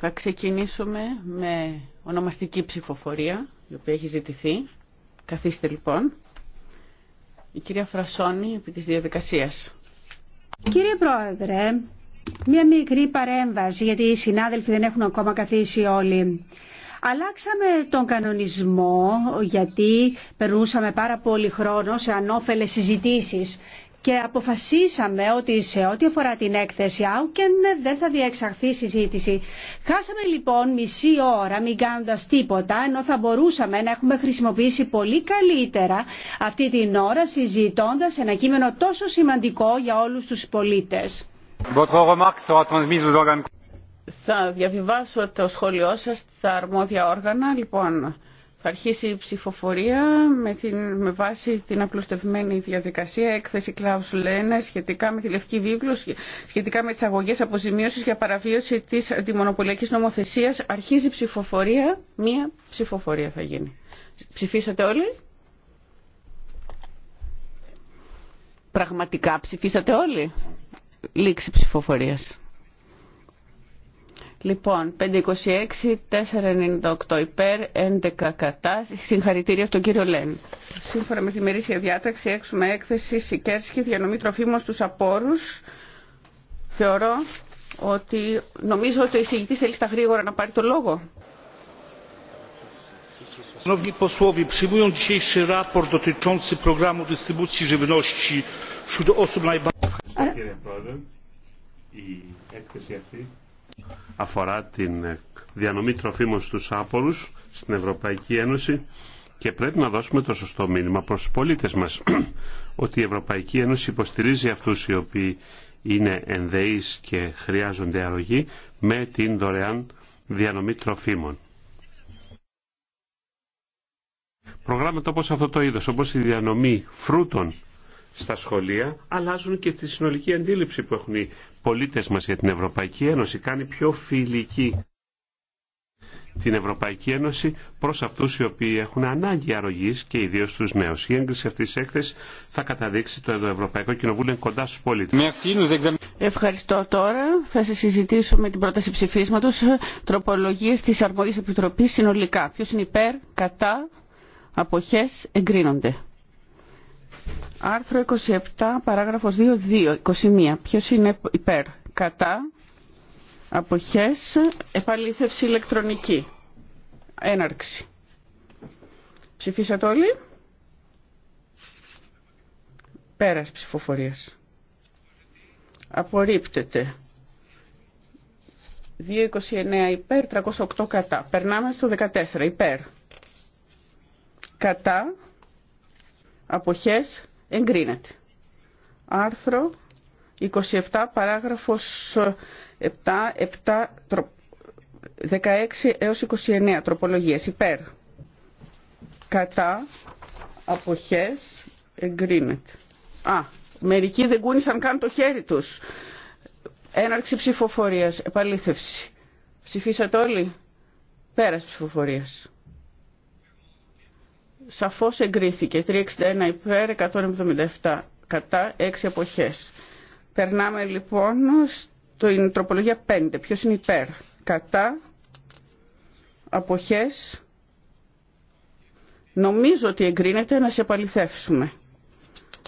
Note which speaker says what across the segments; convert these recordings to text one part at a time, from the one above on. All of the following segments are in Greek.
Speaker 1: Θα ξεκινήσουμε με ονομαστική ψηφοφορία, η οποία έχει ζητηθεί. Καθίστε λοιπόν. Η κυρία Φρασόνη επί της διαδικασίας.
Speaker 2: Κύριε Πρόεδρε, μία μικρή παρέμβαση, γιατί οι συνάδελφοι δεν έχουν ακόμα καθίσει όλοι. Αλλάξαμε τον κανονισμό γιατί περνούσαμε πάρα πολύ χρόνο σε ανώφελες συζητήσεις και αποφασίσαμε ότι σε ό,τι αφορά την έκθεση Άουκεν ναι, δεν θα διεξαχθεί συζήτηση. Χάσαμε λοιπόν μισή ώρα μην κάνοντα τίποτα, ενώ θα μπορούσαμε να έχουμε χρησιμοποιήσει πολύ καλύτερα αυτή την ώρα συζητώντα ένα κείμενο τόσο
Speaker 1: σημαντικό για όλου του πολίτε. Θα διαβιβάσω το σχόλιο σας στα αρμόδια όργανα. Λοιπόν, θα αρχίσει η ψηφοφορία με, την, με βάση την απλουστευμένη διαδικασία έκθεση Κλάους Λένε σχετικά με τη Λευκή Βίβλο, σχετικά με τις αγωγέ αποζημίωση για παραβίωση της αντιμονοπολιακής νομοθεσίας. Αρχίζει η ψηφοφορία, μία ψηφοφορία θα γίνει. Ψηφίσατε όλοι. Πραγματικά ψηφίσατε όλοι. Λήξη ψηφοφορίας. Λοιπόν, 526, 498 υπέρ, 11 κατά. Συγχαρητήρια στον κύριο Λέν. Σύμφωνα με τη μερίσια διάταξη, έχουμε έκθεση Σικέρσκη, διανομή τροφίμων στους απόρους. Θεωρώ ότι νομίζω ότι ο εισηγητής θέλει στα γρήγορα να πάρει το λόγο.
Speaker 3: Szanowni posłowie, przyjmując dzisiejszy raport dotyczący programu dystrybucji żywności wśród osób najbardziej αφορά την διανομή τροφίμων στους άπορους στην Ευρωπαϊκή Ένωση και πρέπει να δώσουμε το σωστό μήνυμα προς τους πολίτες μας ότι η Ευρωπαϊκή Ένωση υποστηρίζει αυτούς οι οποίοι είναι ενδεείς και χρειάζονται αρρωγή με την δωρεάν διανομή τροφίμων. Προγράμματα όπως αυτό το είδος, όπως η διανομή φρούτων στα σχολεία αλλάζουν και τη συνολική αντίληψη που έχουν οι πολίτες μας για την Ευρωπαϊκή Ένωση. Κάνει πιο φιλική την Ευρωπαϊκή Ένωση προς αυτούς οι οποίοι έχουν ανάγκη αρρωγής και ιδίως τους νέους. Η έγκριση αυτής της έκθεσης θα καταδείξει το Ευρωπαϊκό Κοινοβούλιο κοντά στους πολίτες.
Speaker 1: Ευχαριστώ τώρα. Θα σε συζητήσω με την πρόταση ψηφίσματος τροπολογίες της Αρμόδιας Επιτροπής συνολικά. Ποιος είναι υπέρ, κατά, αποχές, εγκρίνονται. Άρθρο 27, παράγραφος 2, 2, 21. Ποιος είναι υπέρ, κατά, αποχές, επαλήθευση ηλεκτρονική. Έναρξη. Ψηφίσατε όλοι. Πέρας ψηφοφορίας. Απορρίπτεται. 2,29 υπέρ, 308 κατά. Περνάμε στο 14 υπέρ. Κατά, αποχές εγκρίνεται. Άρθρο 27 παράγραφος 7, 16 έως 29 τροπολογίες υπέρ κατά αποχές εγκρίνεται. Α, μερικοί δεν κούνησαν καν το χέρι τους. Έναρξη ψηφοφορίας, επαλήθευση. Ψηφίσατε όλοι. Πέρας ψηφοφορίας σαφώς εγκρίθηκε. 361 υπέρ, 177 κατά, 6 εποχές. Περνάμε λοιπόν στην τροπολογία 5. Ποιος είναι υπέρ, κατά, αποχές. Νομίζω ότι εγκρίνεται να σε επαληθεύσουμε.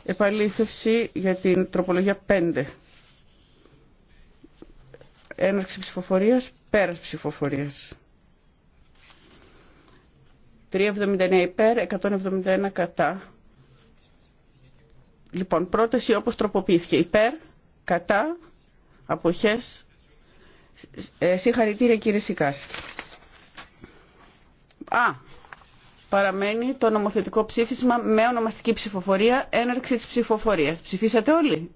Speaker 1: Επαλήθευση για την τροπολογία 5. Έναρξη ψηφοφορίας, πέρας ψηφοφορίας. 379 υπέρ, 171 κατά. Λοιπόν, πρόταση όπως τροποποιήθηκε. Υπέρ, κατά, αποχές. Ε, συγχαρητήρια κύριε Σικάς. Α, παραμένει το νομοθετικό ψήφισμα με ονομαστική ψηφοφορία, έναρξη της ψηφοφορίας. Ψηφίσατε όλοι.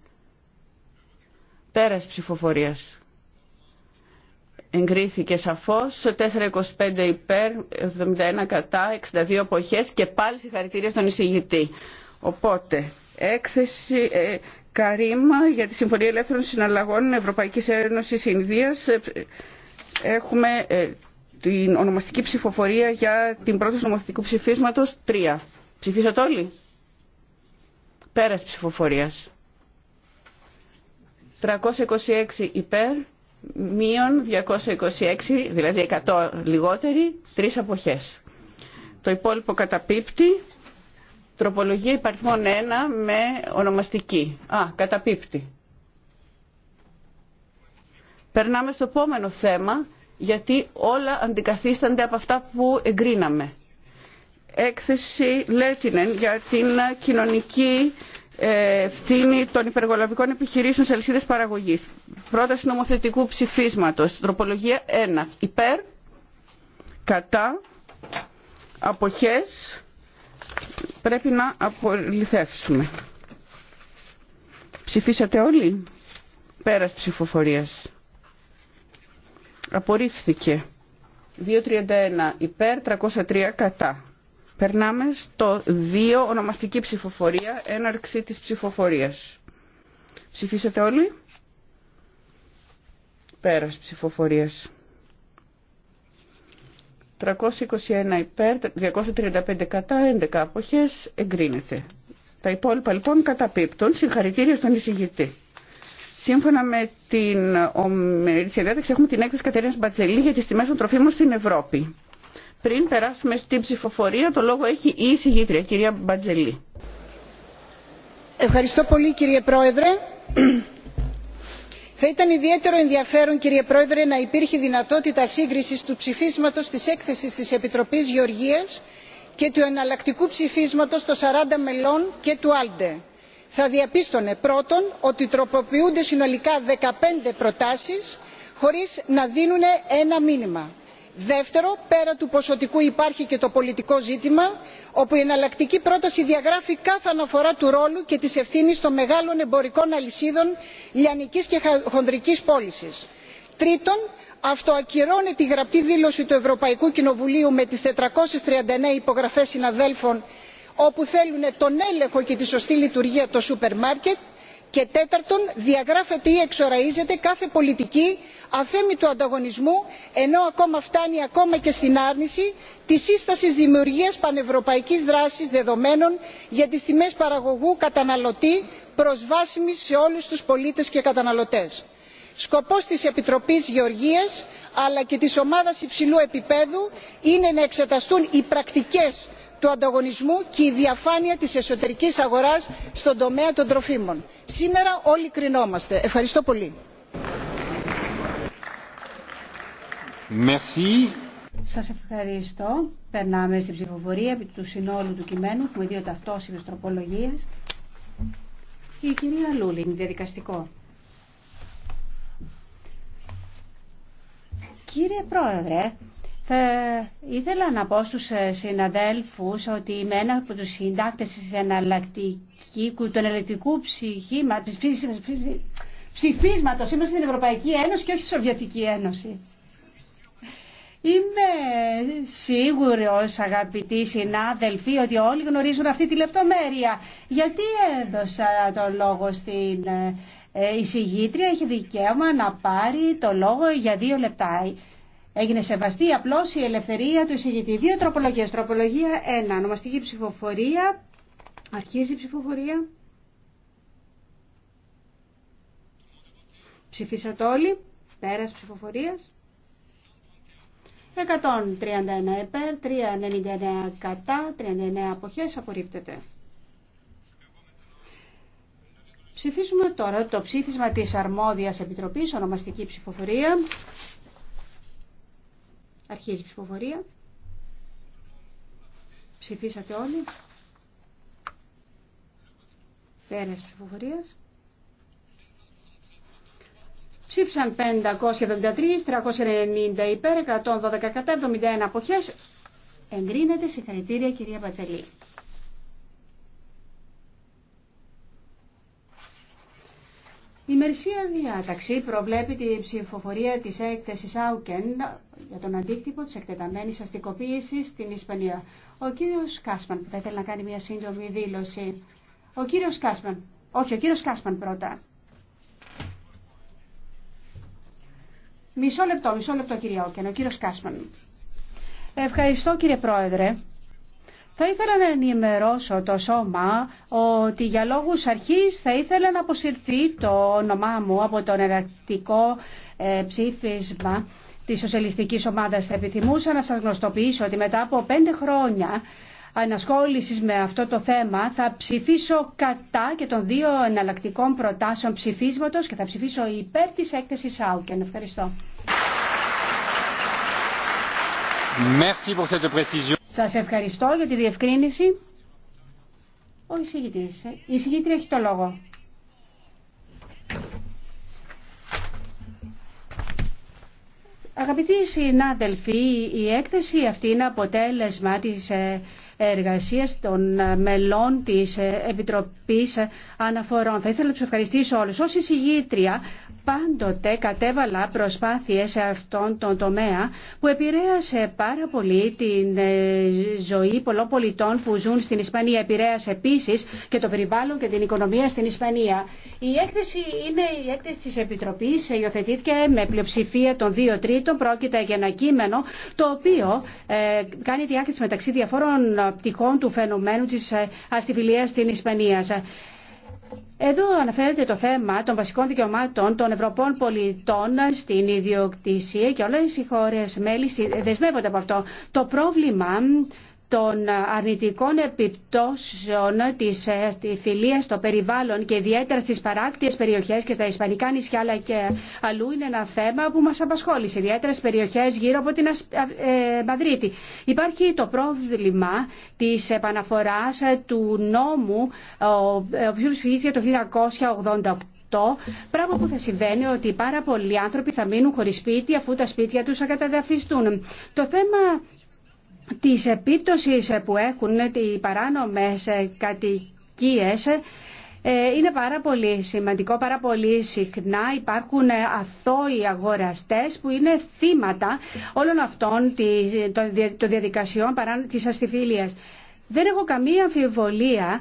Speaker 1: Πέρας ψηφοφορίας εγκρίθηκε σαφώς, 425 υπέρ, 71 κατά, 62 αποχές και πάλι συγχαρητήρια στον εισηγητή. Οπότε, έκθεση ε, Καρίμα για τη Συμφωνία Ελεύθερων Συναλλαγών Ευρωπαϊκής Ένωσης Ινδίας. Ε, έχουμε ε, την ονομαστική ψηφοφορία για την πρώτη ονομαστικού ψηφίσματος 3. Ψηφίσατε όλοι. Πέρας ψηφοφορίας. 326 υπέρ, μείον 226, δηλαδή 100 λιγότεροι, τρεις αποχές. Το υπόλοιπο καταπίπτει, τροπολογία υπαριθμών 1 με ονομαστική. Α, καταπίπτει. Περνάμε στο επόμενο θέμα, γιατί όλα αντικαθίστανται από αυτά που εγκρίναμε. Έκθεση Λέτινεν για την κοινωνική ε, ευθύνη των υπεργολαβικών επιχειρήσεων σε αλυσίδε παραγωγή. Πρόταση νομοθετικού ψηφίσματο. Τροπολογία 1. Υπέρ. Κατά. Αποχές. Πρέπει να απολυθεύσουμε. Ψηφίσατε όλοι. Πέρας ψηφοφορίας. Απορρίφθηκε. 231 υπέρ, 303 κατά. Περνάμε στο 2, ονομαστική ψηφοφορία, έναρξη της ψηφοφορίας. Ψηφίσατε όλοι. Πέρας ψηφοφορίας. 321 υπέρ, 235 κατά, 11 αποχές, εγκρίνεται. Τα υπόλοιπα λοιπόν καταπίπτουν. Συγχαρητήρια στον εισηγητή. Σύμφωνα με την ομερήσια διάταξη έχουμε την έκθεση Κατερίνας Μπατζελή για τις τιμές των τροφίμων στην Ευρώπη. Πριν περάσουμε στην ψηφοφορία, το λόγο έχει η εισηγήτρια, κυρία Μπατζελή.
Speaker 4: Ευχαριστώ πολύ κύριε Πρόεδρε. Θα ήταν ιδιαίτερο ενδιαφέρον κύριε Πρόεδρε να υπήρχε δυνατότητα σύγκρισης του ψηφίσματος της έκθεσης της Επιτροπής Γεωργίας και του εναλλακτικού ψηφίσματος των 40 μελών και του Άλντε. Θα διαπίστωνε πρώτον ότι τροποποιούνται συνολικά 15 προτάσεις χωρίς να δίνουν ένα μήνυμα δεύτερο πέρα του ποσοτικού υπάρχει και το πολιτικό ζήτημα όπου η εναλλακτική πρόταση διαγράφει κάθε αναφορά του ρόλου και της ευθύνης των μεγάλων εμπορικών αλυσίδων λιανικής και χονδρικής πώλησης. τρίτον αυτοακυρώνεται η γραπτή δήλωση του ευρωπαϊκού κοινοβουλίου με τις 439 υπογραφές συναδέλφων όπου θέλουν τον έλεγχο και τη σωστή λειτουργία των σούπερ μάρκετ και τέταρτον διαγράφεται ή εξοραίζεται κάθε πολιτική αθέμητου ανταγωνισμού ενώ ακόμα φτάνει ακόμα και στην άρνηση της σύστασης δημιουργίας πανευρωπαϊκής δράσης δεδομένων για τις τιμές παραγωγού καταναλωτή προσβάσιμης σε όλους τους πολίτες και καταναλωτές. σκοπός της επιτροπής γεωργίας αλλά και της ομάδας υψηλού επιπέδου είναι να εξεταστούν οι πρακτικές του ανταγωνισμού και η διαφάνεια της εσωτερικής αγοράς στον τομέα των τροφίμων. σήμερα όλοι κρινόμαστε. ευχαριστώ πολύ.
Speaker 2: Σας ευχαριστώ. Περνάμε στην ψηφοφορία επί του συνόλου του κειμένου με δύο ταυτόσιμες τροπολογίες. Η κυρία Λούλινγκ, διαδικαστικό. Κύριε Πρόεδρε, θα ήθελα να πω στους ε, συναδέλφους ότι είμαι ένα από τους συντάκτες της του εναλλακτικού ψηφίσματος. Είμαστε στην Ευρωπαϊκή Ένωση και όχι στη Σοβιετική Ένωση. Είμαι σίγουρος αγαπητοί συνάδελφοι ότι όλοι γνωρίζουν αυτή τη λεπτομέρεια. Γιατί έδωσα το λόγο στην ε, ε, εισηγήτρια, έχει δικαίωμα να πάρει το λόγο για δύο λεπτά. Έγινε σεβαστή απλώς η ελευθερία του εισηγητή. Δύο τροπολογίες. Τροπολογία 1. Ονομαστική ψηφοφορία. Αρχίζει η ψηφοφορία. Ψηφίσατε όλοι. Πέρας ψηφοφορίας. 131 ΕΠΕΡ, 399 κατά, 39 αποχές απορρίπτεται. Ψηφίσουμε τώρα το ψήφισμα της Αρμόδιας Επιτροπής, ονομαστική ψηφοφορία. Αρχίζει η ψηφοφορία. Ψηφίσατε όλοι. Πέρας ψηφοφορίας. Ψήφισαν 573, 390 υπέρ, 112 κατά, 71 αποχές. Εγκρίνεται συγχαρητήρια κυρία Πατσελή. Η μερσία διάταξη προβλέπει τη ψηφοφορία της έκθεσης Άουκεν για τον αντίκτυπο της εκτεταμένης αστικοποίησης στην Ισπανία. Ο κύριος Κάσμαν που θα ήθελε να κάνει μια σύντομη δήλωση. Ο κύριος Κάσμαν. Όχι, ο κύριος Κάσμαν πρώτα. Μισό λεπτό, μισό λεπτό κύριε Όκεν, ο κύριος Κάσμαν. Ευχαριστώ κύριε Πρόεδρε. Θα ήθελα να ενημερώσω το σώμα ότι για λόγους αρχής θα ήθελα να αποσυρθεί το όνομά μου από το ενακτικό ε, ψήφισμα της Σοσιαλιστικής Ομάδας. Θα επιθυμούσα να σας γνωστοποιήσω ότι μετά από πέντε χρόνια ανασχόλησης με αυτό το θέμα θα ψηφίσω κατά και των δύο εναλλακτικών προτάσεων ψηφίσματος και θα ψηφίσω υπέρ της έκθεσης Άουκεν. Ευχαριστώ.
Speaker 3: Merci pour cette précision.
Speaker 2: Σας ευχαριστώ για τη διευκρίνηση. Ο εισηγητής. Η εισηγήτρια έχει το λόγο. Αγαπητοί συνάδελφοι, η έκθεση αυτή είναι αποτέλεσμα της ε, εργασίας των μελών της Επιτροπής Αναφορών. Θα ήθελα να τους ευχαριστήσω όλους. Ως εισηγήτρια πάντοτε κατέβαλα προσπάθειες σε αυτόν τον τομέα που επηρέασε πάρα πολύ την ε, ζωή πολλών πολιτών που ζουν στην Ισπανία. Επηρέασε επίσης και το περιβάλλον και την οικονομία στην Ισπανία. Η έκθεση είναι η έκθεση της Επιτροπής, υιοθετήθηκε με πλειοψηφία των δύο τρίτων. Πρόκειται για ένα κείμενο το οποίο ε, κάνει διάκριση μεταξύ διαφόρων πτυχών του φαινομένου της ε, αστιφιλίας στην Ισπανία. Εδώ αναφέρεται το θέμα των βασικών δικαιωμάτων των Ευρωπών πολιτών στην ιδιοκτησία και όλες οι χώρες μέλη δεσμεύονται από αυτό. Το πρόβλημα των αρνητικών επιπτώσεων της ε, φιλία, στο περιβάλλον και ιδιαίτερα στις παράκτιες περιοχές και στα Ισπανικά νησιά αλλά και αλλού είναι ένα θέμα που μας απασχόλησε, ιδιαίτερα στις περιοχές γύρω από την ε, Μαδρίτη. Υπάρχει το πρόβλημα της επαναφοράς του νόμου, ο οποίος ψηφίστηκε το 1988 πράγμα που θα συμβαίνει ότι πάρα πολλοί άνθρωποι θα μείνουν χωρίς σπίτι αφού τα σπίτια τους θα καταδαφιστούν. Το θέμα της επίπτωσης που έχουν οι παράνομες κατοικίες ε, είναι πάρα πολύ σημαντικό, πάρα πολύ συχνά υπάρχουν αθώοι αγοραστές που είναι θύματα όλων αυτών των διαδικασιών της αστιφίλειας. Δεν έχω καμία αμφιβολία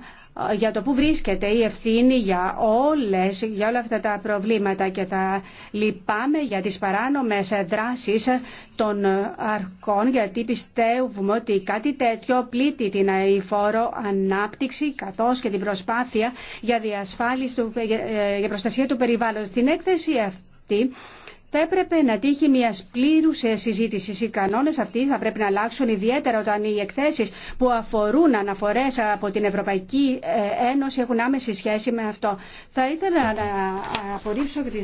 Speaker 2: για το που βρίσκεται η ευθύνη για όλες, για όλα αυτά τα προβλήματα και θα λυπάμαι για τις παράνομες δράσεις των αρχών γιατί πιστεύουμε ότι κάτι τέτοιο πλήττει την αηφόρο ανάπτυξη καθώς και την προσπάθεια για διασφάλιση, ε, για προστασία του περιβάλλοντος. Στην έκθεση αυτή θα έπρεπε να τύχει μια πλήρου ε, συζήτηση. Οι κανόνε αυτοί θα πρέπει να αλλάξουν ιδιαίτερα όταν οι εκθέσει που αφορούν αναφορέ από την Ευρωπαϊκή ε, Ένωση έχουν άμεση σχέση με αυτό. Θα ήθελα να απορρίψω και τι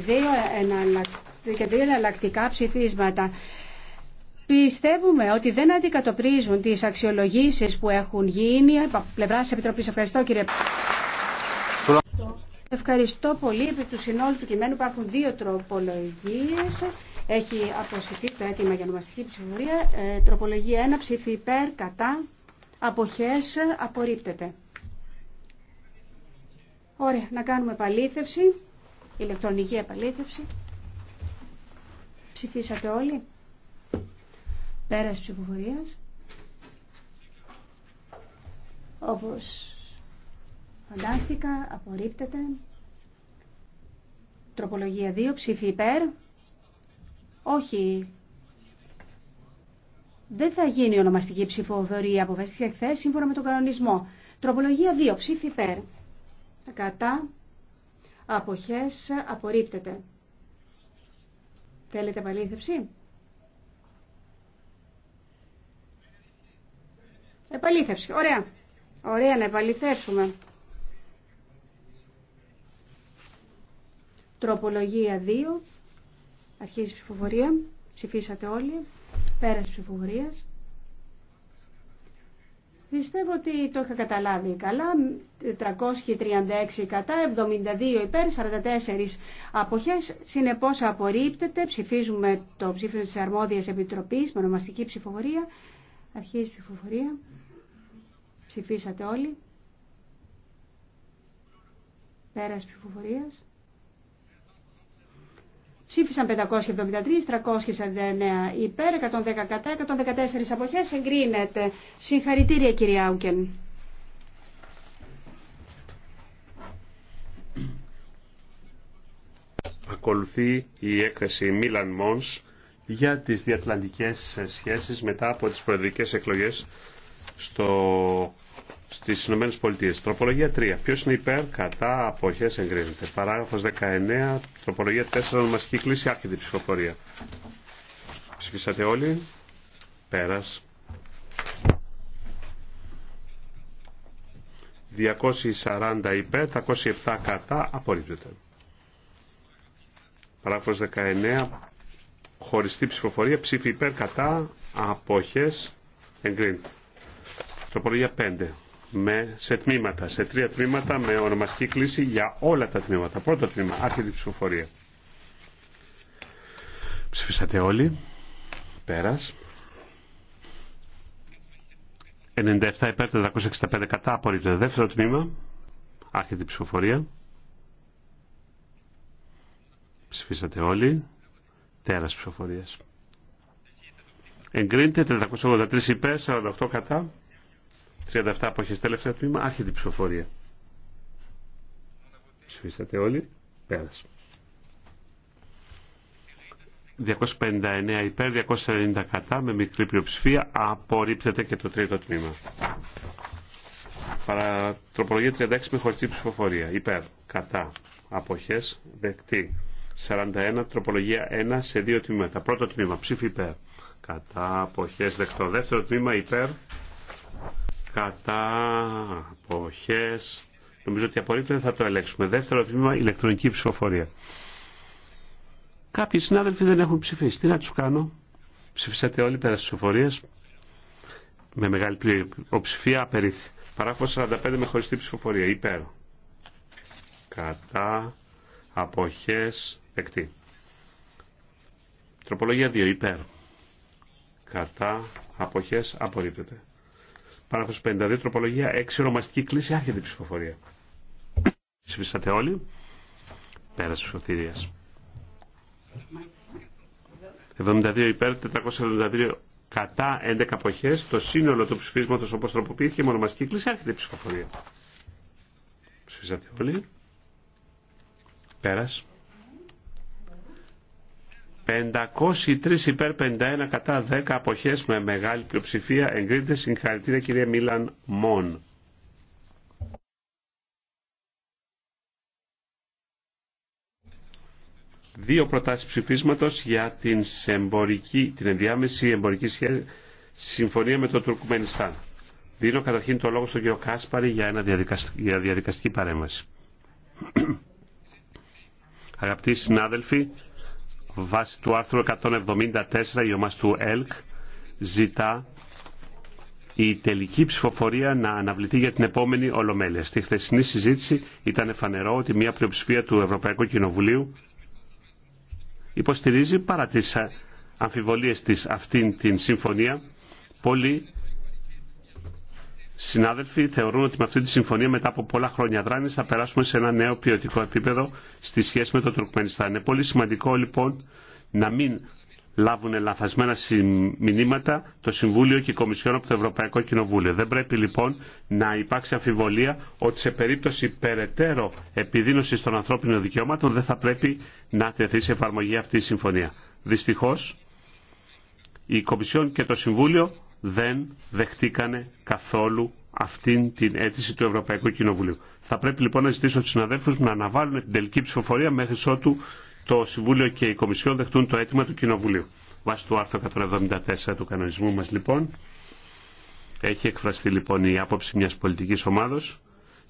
Speaker 2: δύο εναλλακτικά ψηφίσματα. Πιστεύουμε ότι δεν αντικατοπρίζουν τις αξιολογήσεις που έχουν γίνει από πλευράς Επιτροπής. Ευχαριστώ κύριε Ευχαριστώ πολύ. Επί του συνόλου του κειμένου υπάρχουν δύο τροπολογίες. Έχει αποσυρθεί το αίτημα για νομαστική ψηφοφορία. Ε, τροπολογία 1. Ψήφι υπέρ, κατά, αποχές, απορρίπτεται. Ωραία, να κάνουμε επαλήθευση, ηλεκτρονική επαλήθευση. Ψηφίσατε όλοι. Πέρας ψηφοφορίας. Όπως Φαντάστηκα, απορρίπτεται. Τροπολογία 2, ψήφι υπέρ. Όχι. Δεν θα γίνει ονομαστική ψηφοφορία. και χθε σύμφωνα με τον κανονισμό. Τροπολογία 2, ψήφι υπέρ. Κατά. Αποχές απορρίπτεται. Θέλετε επαλήθευση. Επαλήθευση. Ωραία. Ωραία να επαληθεύσουμε. Τροπολογία 2. Αρχίζει η ψηφοφορία. Ψηφίσατε όλοι. Πέρασε ψηφοφορία. Πιστεύω ότι το είχα καταλάβει καλά. 436 κατά, 72 υπέρ, 44 αποχές. Συνεπώς απορρίπτεται. Ψηφίζουμε το ψήφισμα της Αρμόδιας Επιτροπής με ονομαστική ψηφοφορία. Αρχίζει ψηφοφορία. Ψηφίσατε όλοι. Πέρας ψηφοφορίας. Ψήφισαν 573, 349 υπέρ, 110 κατά, 114 αποχές. Εγκρίνεται. Συγχαρητήρια κυρία Άουκεν.
Speaker 3: Ακολουθεί η έκθεση Μίλαν Μόνς για τις διατλαντικές σχέσεις μετά από τις προεδρικές εκλογές στο Στι Ηνωμένε Πολιτείε. Τροπολογία 3. Ποιο είναι υπέρ, κατά, αποχές, εγκρίνεται. Παράγραφος 19. Τροπολογία 4. Ονομαστική κλίση. Άρχεται η ψηφοφορία. Ψηφίσατε όλοι. Πέρας. 240 υπέρ, 307 κατά, απορρίπτεται. Παράγραφος 19. Χωριστή ψηφοφορία, ψήφι υπέρ, κατά, αποχές, εγκρίνεται. Τροπολογία 5 με, σε τμήματα, σε τρία τμήματα με ονομαστική κλίση για όλα τα τμήματα. Πρώτο τμήμα, άρχεται ψηφοφορία. Ψηφίσατε όλοι. Πέρας. 97 υπέρ 465 κατά απορρίπτεται. Δεύτερο τμήμα, άρχεται ψηφοφορία. Ψηφίσατε όλοι. Τέρας ψηφοφορίας. Εγκρίνεται 483 υπέρ, 48 κατά. 37 αποχές τελευταίο τμήμα, άρχεται την ψηφοφορία. Ψηφίσατε όλοι. Πέρασε. 259 υπέρ, 290 κατά, με μικρή πλειοψηφία, απορρίπτεται και το τρίτο τμήμα. Τροπολογία 36 με χωριστή ψηφοφορία. Υπέρ, κατά, αποχές, δεκτή. 41, τροπολογία 1 σε δύο τμήματα. Πρώτο τμήμα, ψήφι υπέρ. Κατά, αποχές, δεκτό. Δεύτερο τμήμα, υπέρ, κατά, αποχές, νομίζω ότι απορρίπτεται θα το ελέγξουμε. Δεύτερο βήμα, ηλεκτρονική ψηφοφορία. Κάποιοι συνάδελφοι δεν έχουν ψηφίσει. Τι να τους κάνω. Ψηφίσατε όλοι πέρα στις ψηφοφορίες. Με μεγάλη πλειοψηφία απερίφθη. Παράγραφος 45 με χωριστή ψηφοφορία. Υπέρο. Κατά. Αποχές. Δεκτή. Τροπολογία 2. Υπέρ. Κατά. Αποχές. Απορρίπτεται. Παράγραφος 52, τροπολογία 6, ονομαστική κλίση, άρχεται η ψηφοφορία. Ψηφίσατε όλοι. Πέρασε ψηφοθυρίας. 72 υπέρ, 472 κατά 11 αποχέ. Το σύνολο του ψηφίσματο όπω τροποποιήθηκε με ονομαστική κλίση άρχεται η ψηφοφορία. Ψηφίσατε όλοι. Πέρας. 503 υπέρ 51 κατά 10 αποχές με μεγάλη πλειοψηφία εγκρίνεται συγχαρητήρια κυρία Μίλαν Μον. Δύο προτάσεις ψηφίσματος για την, εμπορική, την ενδιάμεση εμπορική σχέση, συμφωνία με το Τουρκμενιστάν. Δίνω καταρχήν το λόγο στον κύριο Κάσπαρη για, ένα διαδικαστική, για διαδικαστική παρέμβαση. Αγαπητοί συνάδελφοι, Βάσει του άρθρου 174 η ομάς του ΕΛΚ ζητά η τελική ψηφοφορία να αναβληθεί για την επόμενη Ολομέλεια. Στη χθεσινή συζήτηση ήταν φανερό ότι μια πλειοψηφία του Ευρωπαϊκού Κοινοβουλίου υποστηρίζει παρά τις αμφιβολίες της αυτήν την συμφωνία. πολύ συνάδελφοι θεωρούν ότι με αυτή τη συμφωνία μετά από πολλά χρόνια δράνης θα περάσουμε σε ένα νέο ποιοτικό επίπεδο στη σχέση με το Τουρκμενιστάν. Είναι πολύ σημαντικό λοιπόν να μην λάβουν λαθασμένα μηνύματα το Συμβούλιο και η Κομισιόν από το Ευρωπαϊκό Κοινοβούλιο. Δεν πρέπει λοιπόν να υπάρξει αμφιβολία ότι σε περίπτωση περαιτέρω επιδείνωση των ανθρώπινων δικαιωμάτων δεν θα πρέπει να θεθεί σε εφαρμογή αυτή η συμφωνία. Δυστυχώ, η Κομισιόν και το Συμβούλιο δεν δεχτήκανε καθόλου αυτήν την αίτηση του Ευρωπαϊκού Κοινοβουλίου. Θα πρέπει λοιπόν να ζητήσω του συναδέλφου μου να αναβάλουν την τελική ψηφοφορία μέχρι ότου το Συμβούλιο και η Κομισιόν δεχτούν το αίτημα του Κοινοβουλίου. Βάσει του άρθρου 174 του κανονισμού μας λοιπόν, έχει εκφραστεί λοιπόν η άποψη μιας πολιτική ομάδος.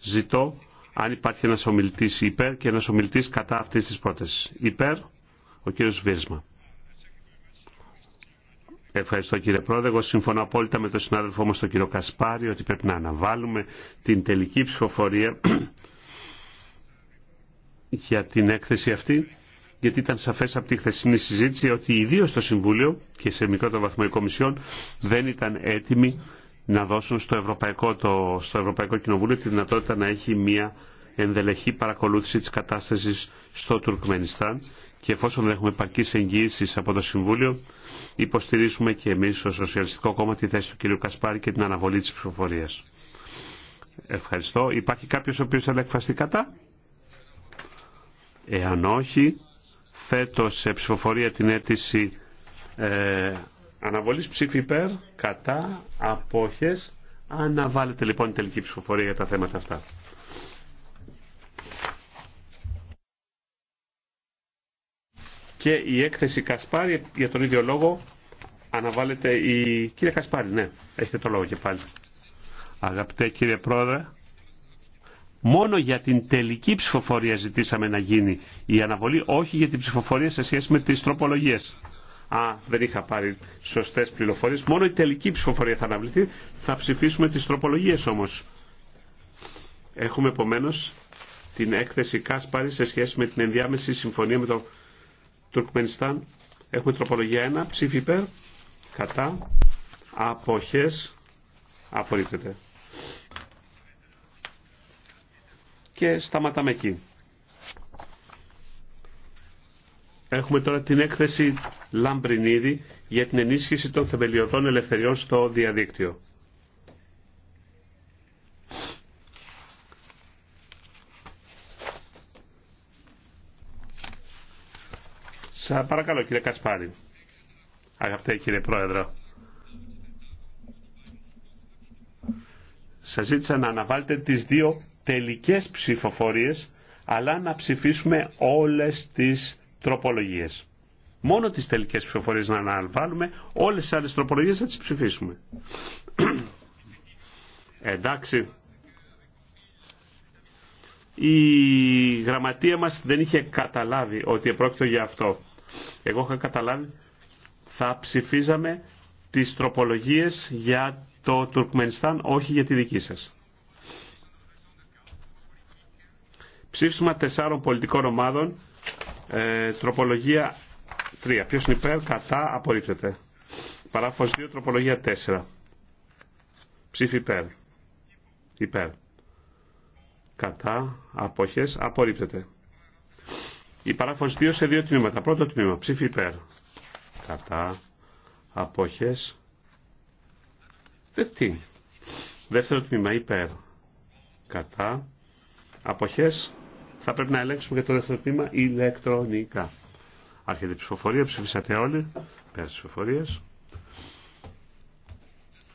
Speaker 3: Ζητώ αν υπάρχει ένα ομιλητή υπέρ και ένα ομιλητή κατά αυτή τη πρόταση. Υπέρ, ο κύριο Βίσμα. Ευχαριστώ κύριε Πρόεδρε. Εγώ συμφωνώ απόλυτα με τον συνάδελφό μας τον κύριο Κασπάρη ότι πρέπει να αναβάλουμε την τελική ψηφοφορία για την έκθεση αυτή γιατί ήταν σαφές από τη χθεσινή συζήτηση ότι ιδίω στο Συμβούλιο και σε μικρότερο βαθμό η Κομισιόν δεν ήταν έτοιμοι να δώσουν στο Ευρωπαϊκό, το, στο Ευρωπαϊκό Κοινοβούλιο τη δυνατότητα να έχει μια ενδελεχή παρακολούθηση της κατάστασης στο Τουρκμενιστάν και εφόσον δεν έχουμε επαρκείς εγγύησης από το Συμβούλιο, υποστηρίζουμε και εμείς στο Σοσιαλιστικό Κόμμα τη θέση του κ. Κασπάρη και την αναβολή της ψηφοφορίας. Ευχαριστώ. Υπάρχει κάποιος ο οποίος θα εκφραστεί κατά? Εάν όχι, θέτω σε ψηφοφορία την αίτηση ε, αναβολής ψήφι υπέρ, κατά, απόχες. Αναβάλλεται λοιπόν η τελική ψηφοφορία για τα θέματα αυτά. και η έκθεση Κασπάρη για τον ίδιο λόγο αναβάλλεται η... Κύριε Κασπάρη, ναι, έχετε το λόγο και πάλι. Αγαπητέ κύριε Πρόεδρε, μόνο για την τελική ψηφοφορία ζητήσαμε να γίνει η αναβολή, όχι για την ψηφοφορία σε σχέση με τις τροπολογίες. Α, δεν είχα πάρει σωστές πληροφορίες. Μόνο η τελική ψηφοφορία θα αναβληθεί. Θα ψηφίσουμε τις τροπολογίες όμως. Έχουμε επομένω την έκθεση Κάσπαρη σε σχέση με την ενδιάμεση συμφωνία με το Τουρκμενιστάν. Έχουμε τροπολογία 1. Ψήφι υπέρ. Κατά. Αποχές. Απορρίπτεται. Και σταματάμε εκεί. Έχουμε τώρα την έκθεση Λαμπρινίδη για την ενίσχυση των θεμελιωδών ελευθεριών στο διαδίκτυο. Σα παρακαλώ κύριε Κασπάρη. Αγαπητέ κύριε Πρόεδρο. Σας ζήτησα να αναβάλλετε τις δύο τελικές ψηφοφορίες αλλά να ψηφίσουμε όλες τις τροπολογίες. Μόνο τις τελικές ψηφοφορίες να αναβάλουμε, όλες τις άλλες τροπολογίες θα τις ψηφίσουμε. Εντάξει. Η γραμματεία μας δεν είχε καταλάβει ότι επρόκειτο για αυτό. Εγώ είχα καταλάβει θα ψηφίζαμε τις τροπολογίες για το Τουρκμενιστάν, όχι για τη δική σας. Ψήφισμα τεσσάρων πολιτικών ομάδων, ε, τροπολογία 3. Ποιος είναι υπέρ, κατά, απορρίπτεται. Παράφος 2, τροπολογία 4. Ψήφι υπέρ. Υπέρ. Κατά, απόχες, απορρίπτεται. Η παράγραφος 2 σε δύο τμήματα. Πρώτο τμήμα, ψήφι υπέρ. Κατά αποχές Τι Δεύτερο τμήμα, υπέρ. Κατά αποχές θα πρέπει να ελέγξουμε για το δεύτερο τμήμα ηλεκτρονικά. Άρχεται η ψηφοφορία, ψηφίσατε όλοι. Πέρα ψηφοφορίας.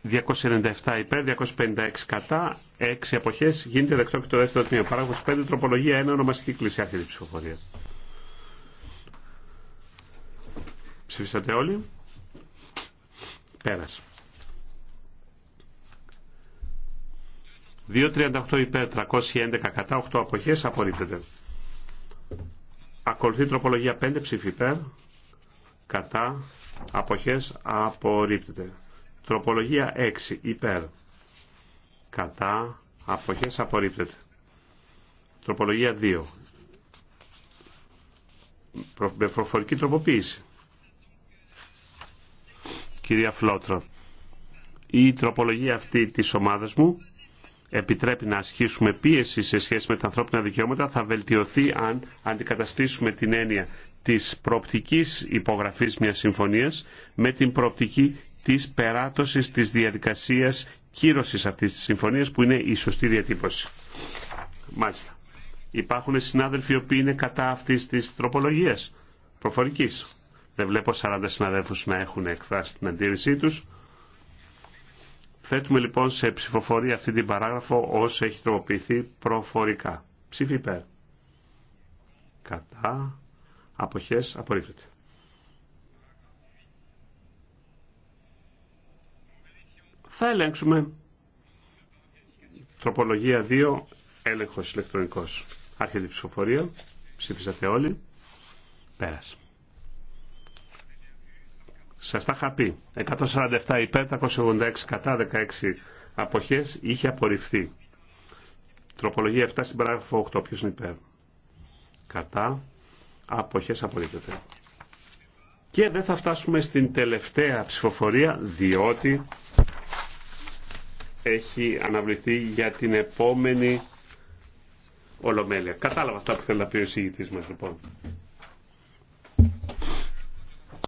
Speaker 3: 297 υπέρ, 256 κατά, 6 αποχές, γίνεται δεκτό και το δεύτερο τμήμα. Παράγωση 5, τροπολογία 1, ονομαστική κλίση, άρχεται η ψηφοφορία. Ψηφίσατε όλοι. Πέρας. 2.38 υπέρ, 311 κατά, 8 αποχές, απορρίπτεται. Ακολουθεί τροπολογία 5 ψήφι υπέρ, κατά, αποχές, απορρίπτεται. Τροπολογία 6 υπέρ, κατά, αποχές, απορρίπτεται. Τροπολογία 2. Με προφορική τροποποίηση κυρία Φλότρο. Η τροπολογία αυτή της ομάδας μου επιτρέπει να ασχίσουμε πίεση σε σχέση με τα ανθρώπινα δικαιώματα θα βελτιωθεί αν αντικαταστήσουμε την έννοια της προοπτικής υπογραφής μιας συμφωνίας με την προοπτική της περάτωσης της διαδικασίας κύρωσης αυτής της συμφωνίας που είναι η σωστή διατύπωση. Μάλιστα. Υπάρχουν συνάδελφοι οι οποίοι είναι κατά αυτής της τροπολογίας προφορικής. Δεν βλέπω 40 συναδέλφους να έχουν εκφράσει την αντίρρησή τους. Θέτουμε λοιπόν σε ψηφοφορία αυτή την παράγραφο όσο έχει τροποποιηθεί προφορικά. Ψήφι υπέρ. Κατά. Αποχές. Απορρίφεται. Θα ελέγξουμε τροπολογία 2, έλεγχος ηλεκτρονικός. Άρχεται η ψηφοφορία. Ψήφισατε όλοι. Πέρασε σα τα είχα πει. 147 υπέρ, 386 κατά, 16 αποχές είχε απορριφθεί. Τροπολογία 7 στην παράγραφο 8. ποιο είναι υπέρ. Κατά. Αποχές απορρίπτεται. Και δεν θα φτάσουμε στην τελευταία ψηφοφορία διότι έχει αναβληθεί για την επόμενη ολομέλεια. Κατάλαβα αυτά που θέλει να πει ο εισηγητής μας λοιπόν.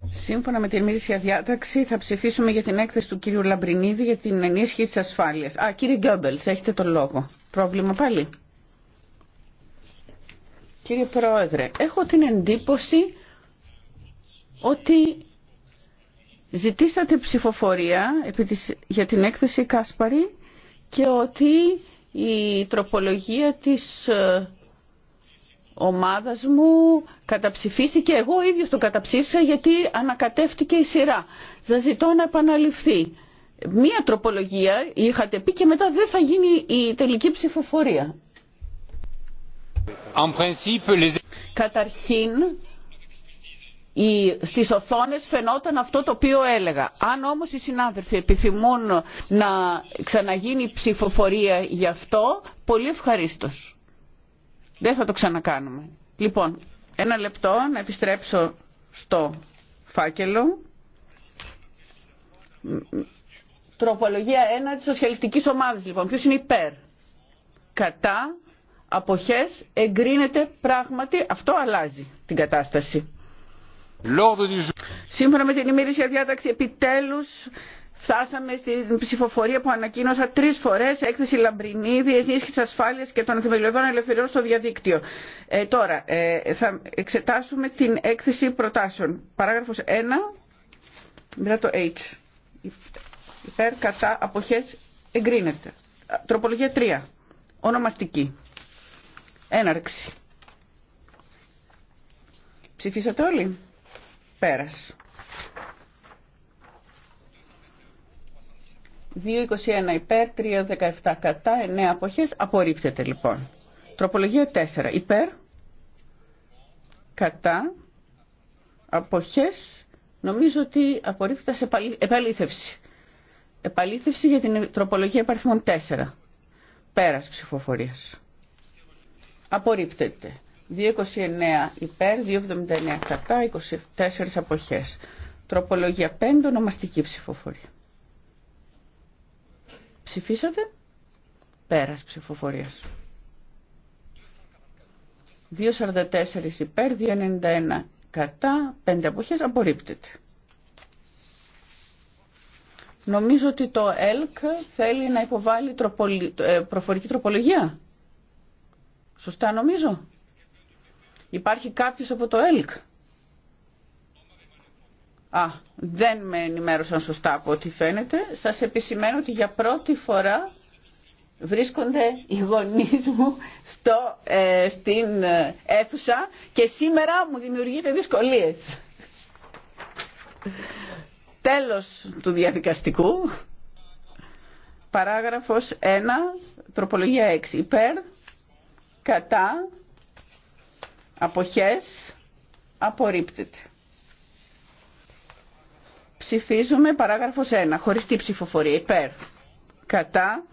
Speaker 1: Σύμφωνα με την μίληση διάταξη θα ψηφίσουμε για την έκθεση του κύριου Λαμπρινίδη για την ενίσχυση της ασφάλειας. Α, κύριε Γκέμπελ, έχετε το λόγο. Πρόβλημα πάλι. Κύριε Πρόεδρε, έχω την εντύπωση ότι ζητήσατε ψηφοφορία για την έκθεση Κάσπαρη και ότι η τροπολογία της ε, Ομάδα μου καταψηφίστηκε. Εγώ ίδιο το καταψήφισα γιατί ανακατεύτηκε η σειρά. Σα ζητώ να επαναληφθεί. Μία τροπολογία είχατε πει και μετά δεν θα γίνει η τελική ψηφοφορία. Καταρχήν, στις οθόνες φαινόταν αυτό το οποίο έλεγα. Αν όμως οι συνάδελφοι επιθυμούν να ξαναγίνει ψηφοφορία γι' αυτό, πολύ ευχαρίστως. Δεν θα το ξανακάνουμε. Λοιπόν, ένα λεπτό να επιστρέψω στο φάκελο. Τροπολογία 1 της σοσιαλιστικής ομάδας λοιπόν. Ποιος είναι υπέρ. Κατά αποχές εγκρίνεται πράγματι. Αυτό αλλάζει την κατάσταση. Σύμφωνα με την ημερήσια διάταξη επιτέλους Φτάσαμε στην ψηφοφορία που ανακοίνωσα τρει φορέ, έκθεση Λαμπρινίδη, ενίσχυση ασφάλεια και των θεμελιωδών ελευθεριών στο διαδίκτυο. Ε, τώρα, ε, θα εξετάσουμε την έκθεση προτάσεων. Παράγραφος 1, μετά το H. Υπέρ, κατά, αποχέ, εγκρίνεται. Τροπολογία 3. Ονομαστική. Έναρξη. Ψηφίσατε όλοι. Πέρας. 2.21 υπέρ, 3.17 κατά, 9 αποχές. Απορρίπτεται λοιπόν. Τροπολογία 4 υπέρ, κατά, αποχές. Νομίζω ότι απορρίπτεται σε επαλήθευση. Επαλήθευση για την τροπολογία υπαρθμών 4. Πέρας ψηφοφορίας. Απορρίπτεται. 2.29 υπέρ, 2.79 κατά, 24 αποχές. Τροπολογία 5, ονομαστική ψηφοφορία. Ψηφίσατε. Πέρας ψηφοφορίας. 2.44 υπέρ, 2.91 κατά, 5 αποχές απορρίπτεται. Νομίζω ότι το ΕΛΚ θέλει να υποβάλει ε, προφορική τροπολογία. Σωστά νομίζω. Υπάρχει κάποιος από το ΕΛΚ. Α, δεν με ενημέρωσαν σωστά από ό,τι φαίνεται. Σας επισημαίνω ότι για πρώτη φορά βρίσκονται οι γονεί μου στο, ε, στην ε, αίθουσα και σήμερα μου δημιουργείται δυσκολίες. Τέλος του διαδικαστικού. Παράγραφος 1, τροπολογία 6. Υπέρ, κατά, αποχές, απορρίπτεται. Ψηφίζουμε παράγραφος 1. Χωριστή ψηφοφορία. Υπέρ. Κατά.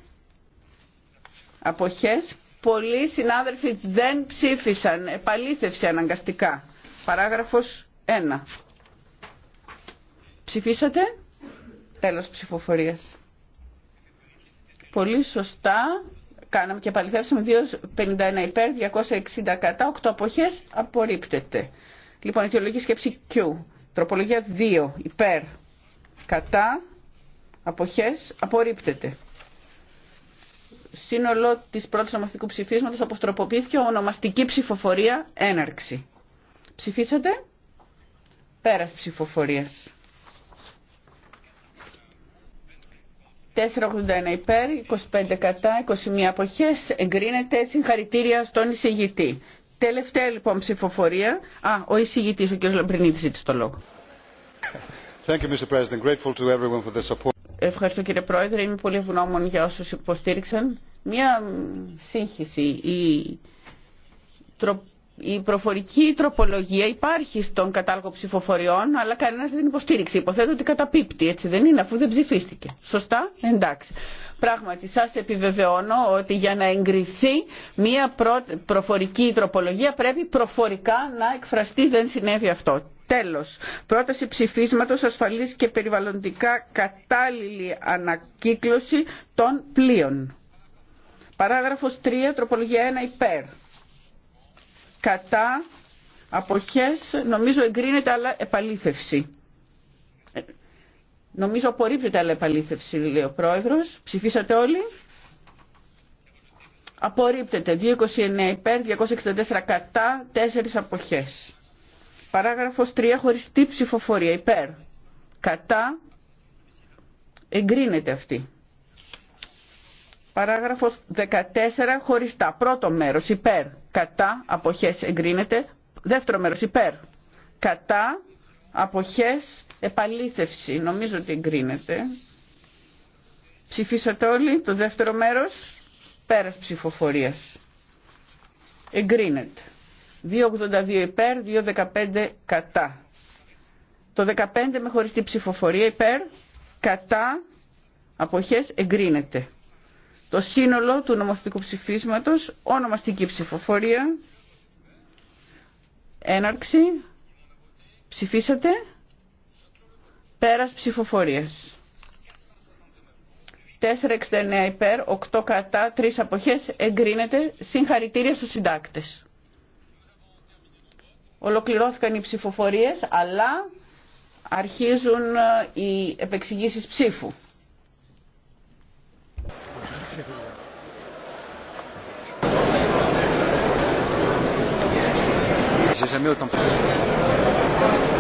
Speaker 1: Αποχές. Πολλοί συνάδελφοι δεν ψήφισαν. Επαλήθευση αναγκαστικά. Παράγραφος 1. Ψηφίσατε. Τέλος ψηφοφορίας. Πολύ σωστά. Κάναμε και επαληθεύσαμε 2,51 υπέρ, 260 κατά, 8 αποχές. Απορρίπτεται. Λοιπόν, αιτιολογική σκέψη Q Τροπολογία 2. Υπέρ. Κατά. Αποχές. Απορρίπτεται. Σύνολο της πρώτης ονομαστικού ψηφίσματος αποστροποποιήθηκε ονομαστική ψηφοφορία έναρξη. Ψηφίσατε. Πέρας ψηφοφορίας. 4,81 υπέρ, 25 κατά, 21 αποχές, εγκρίνεται συγχαρητήρια στον εισηγητή. Τελευταία λοιπόν ψηφοφορία. Α, ο εισηγητής, ο κ. Λαμπρινίδης, ζήτησε το λόγο. Ευχαριστώ κύριε Πρόεδρε. Είμαι πολύ ευγνώμων για όσους υποστήριξαν. Μία σύγχυση. Η η προφορική τροπολογία υπάρχει στον κατάλογο ψηφοφοριών, αλλά κανένα δεν υποστήριξε. Υποθέτω ότι καταπίπτει, έτσι δεν είναι, αφού δεν ψηφίστηκε. Σωστά, εντάξει. Πράγματι, σα επιβεβαιώνω ότι για να εγκριθεί μία προφορική τροπολογία πρέπει προφορικά να εκφραστεί, δεν συνέβη αυτό. Τέλος, πρόταση ψηφίσματος ασφαλής και περιβαλλοντικά κατάλληλη ανακύκλωση των πλοίων. Παράγραφος 3, τροπολογία 1, υπέρ κατά, αποχές, νομίζω εγκρίνεται αλλά επαλήθευση. Ε, νομίζω απορρίπτεται αλλά επαλήθευση, λέει ο πρόεδρος. Ψηφίσατε όλοι. Απορρίπτεται 229 υπέρ, 264 κατά, 4 αποχές. Παράγραφος 3 χωριστή ψηφοφορία υπέρ. Κατά εγκρίνεται αυτή. Παράγραφος 14 χωριστά. Πρώτο μέρος υπέρ κατά αποχές εγκρίνεται. Δεύτερο μέρος υπέρ. Κατά αποχές επαλήθευση. Νομίζω ότι εγκρίνεται. Ψηφίσατε όλοι το δεύτερο μέρος. Πέρας ψηφοφορίας. Εγκρίνεται. 2,82 υπέρ, 2,15 κατά. Το 15 με χωριστή ψηφοφορία υπέρ, κατά, αποχές εγκρίνεται το σύνολο του νομοθετικού ψηφίσματος, ονομαστική ψηφοφορία, έναρξη, ψηφίσατε, πέρας ψηφοφορίας. 4,69 υπέρ, 8 κατά, 3 αποχές, εγκρίνεται, συγχαρητήρια στους συντάκτες. Ολοκληρώθηκαν οι ψηφοφορίες, αλλά αρχίζουν ε, οι επεξηγήσεις ψήφου.
Speaker 4: jamais autant parlé.